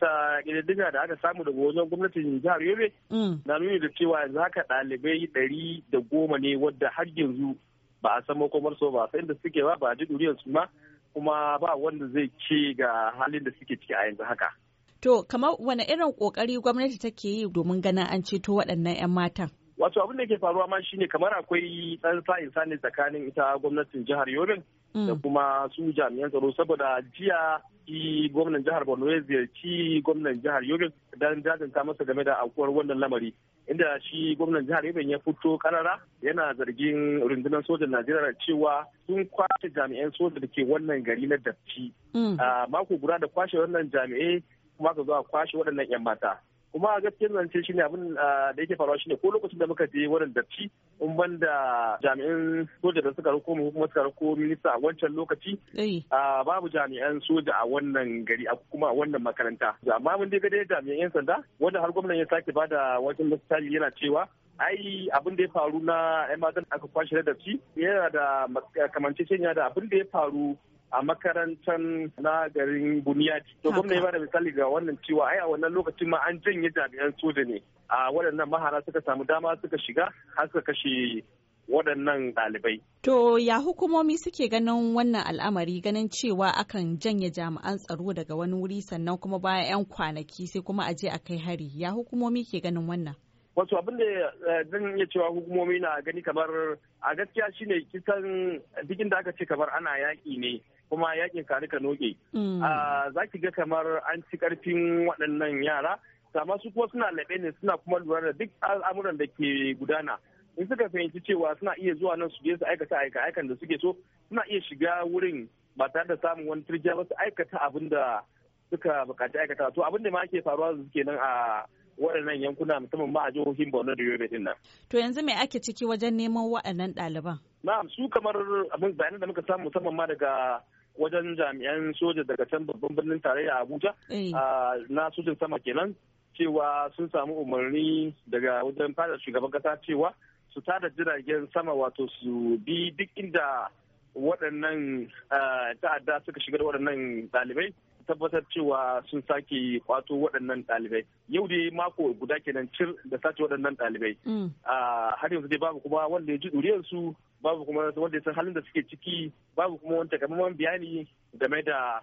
bisa ƙididdiga da aka samu daga wajen gwamnatin jihar yobe mm. na nuni da cewa yanzu haka ɗalibai ɗari da goma ne wadda har yanzu ba a san makomar su ba sai da suke ba ba a ji duriyar su ma kuma ba wanda zai ce ga halin da suke ciki a yanzu haka. To kamar wani irin kokari gwamnati take yi domin ganin an ceto waɗannan 'yan matan? Wato abin da ke faruwa ma shine kamar akwai ɗan sa'in sani tsakanin ita gwamnatin jihar Yobe da mm. kuma su jami'an tsaro saboda jiya shi gwamnan jihar Borno ya ziyarci gwamnan jihar yobin dan jajanta masa game da aukuwar wannan lamari inda shi gwamnan jihar yobin ya fito kanara yana zargin rundunar sojan Najeriya cewa sun kwashe jami'an soja da ke wannan gari na Dapci. Mm. Mako guda da kwashe wannan jami'ai kuma ka zo a kwashe waɗannan 'yan mata. kuma a gaskiyar zance shi ne abin ah, da yake faruwa shi ne ko lokacin da muka je wurin datti in ban da jami'an soja da suka rako kuma suka rako minista a wancan lokaci ah, babu jami'an soja a wannan gari a kuma a wannan makaranta amma mun dai ga dai jami'an sanda wanda har gwamnan ya sake da wajen misali yana cewa ai abin da ya faru na yan matan aka kwashe da datti yana da kamanceceniya da abin da ya faru a makarantar na garin Buniyadi. To gwamna ya bada misali ga wannan cewa ai a wannan lokacin ma an janye jami'an soja ne. A waɗannan mahara suka samu dama suka shiga har suka kashe waɗannan ɗalibai. To ya hukumomi suke ganin wannan al'amari ganin cewa akan janye jami'an tsaro daga wani wuri sannan kuma bayan 'yan kwanaki sai kuma a je a kai hari ya hukumomi ke ganin wannan. Wasu abin da eh, zan iya cewa hukumomi na gani kamar a gaskiya shine kisan bikin da aka ce kamar ana yaƙi ne kuma yakin ka noke mm. ah, za ki ga kamar an ci karfin waɗannan yara amma su kuma suna laɓe ne suna kuma lura da duk al'amuran da ke gudana in suka fahimci cewa suna iya zuwa nan su je su aikata aika aikan da suke so suna iya shiga wurin ba tare da samun wani turjiya ba su aikata abin da suka bukaci aikata to abin da ma ke faruwa suke nan a waɗannan yankuna musamman ma a jihohin Borno da Yobe din nan. To yanzu me ake ciki wajen neman waɗannan ɗaliban? Na'am su kamar abin bayanan da muka samu musamman ma daga wajen jami'an soja daga can babban birnin tarayya abuja eh. a ah, na sojin sama kenan cewa sun samu umarni daga wajen fada shugaban kasa cewa su tada jiragen sama wato su bi duk inda waɗannan ah, ta'adda suka shiga da waɗannan ɗalibai tabbatar cewa sun sake kwato waɗannan ɗalibai yau dai mako guda kenan cir da sace waɗannan ɗalibai mm. ah, har yanzu dai babu kuma wanda ya ji ɗuriyarsu babu kuma wanda ya san halin da suke ciki babu kuma wani takamaiman bayani game da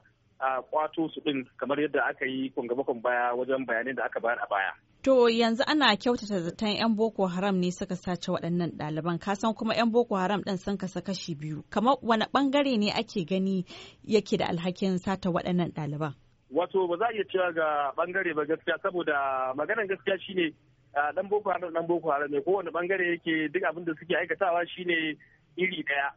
kwato su din kamar yadda aka yi kwangabakon baya wajen bayanin da aka bayar a baya. To yanzu ana kyautata zaton 'yan Boko Haram ne suka sace waɗannan ɗaliban, kasan kuma 'yan Boko Haram ɗin sun kasa kashi biyu. Kamar wani ɓangare ne ake gani yake da alhakin sata waɗannan ɗaliban? Wato ba za a iya cewa ga ɓangare ba gaskiya saboda maganar gaskiya shine dan boko haram dan boko haram ne bangare yake duk abin da suke aikatawa shine iri daya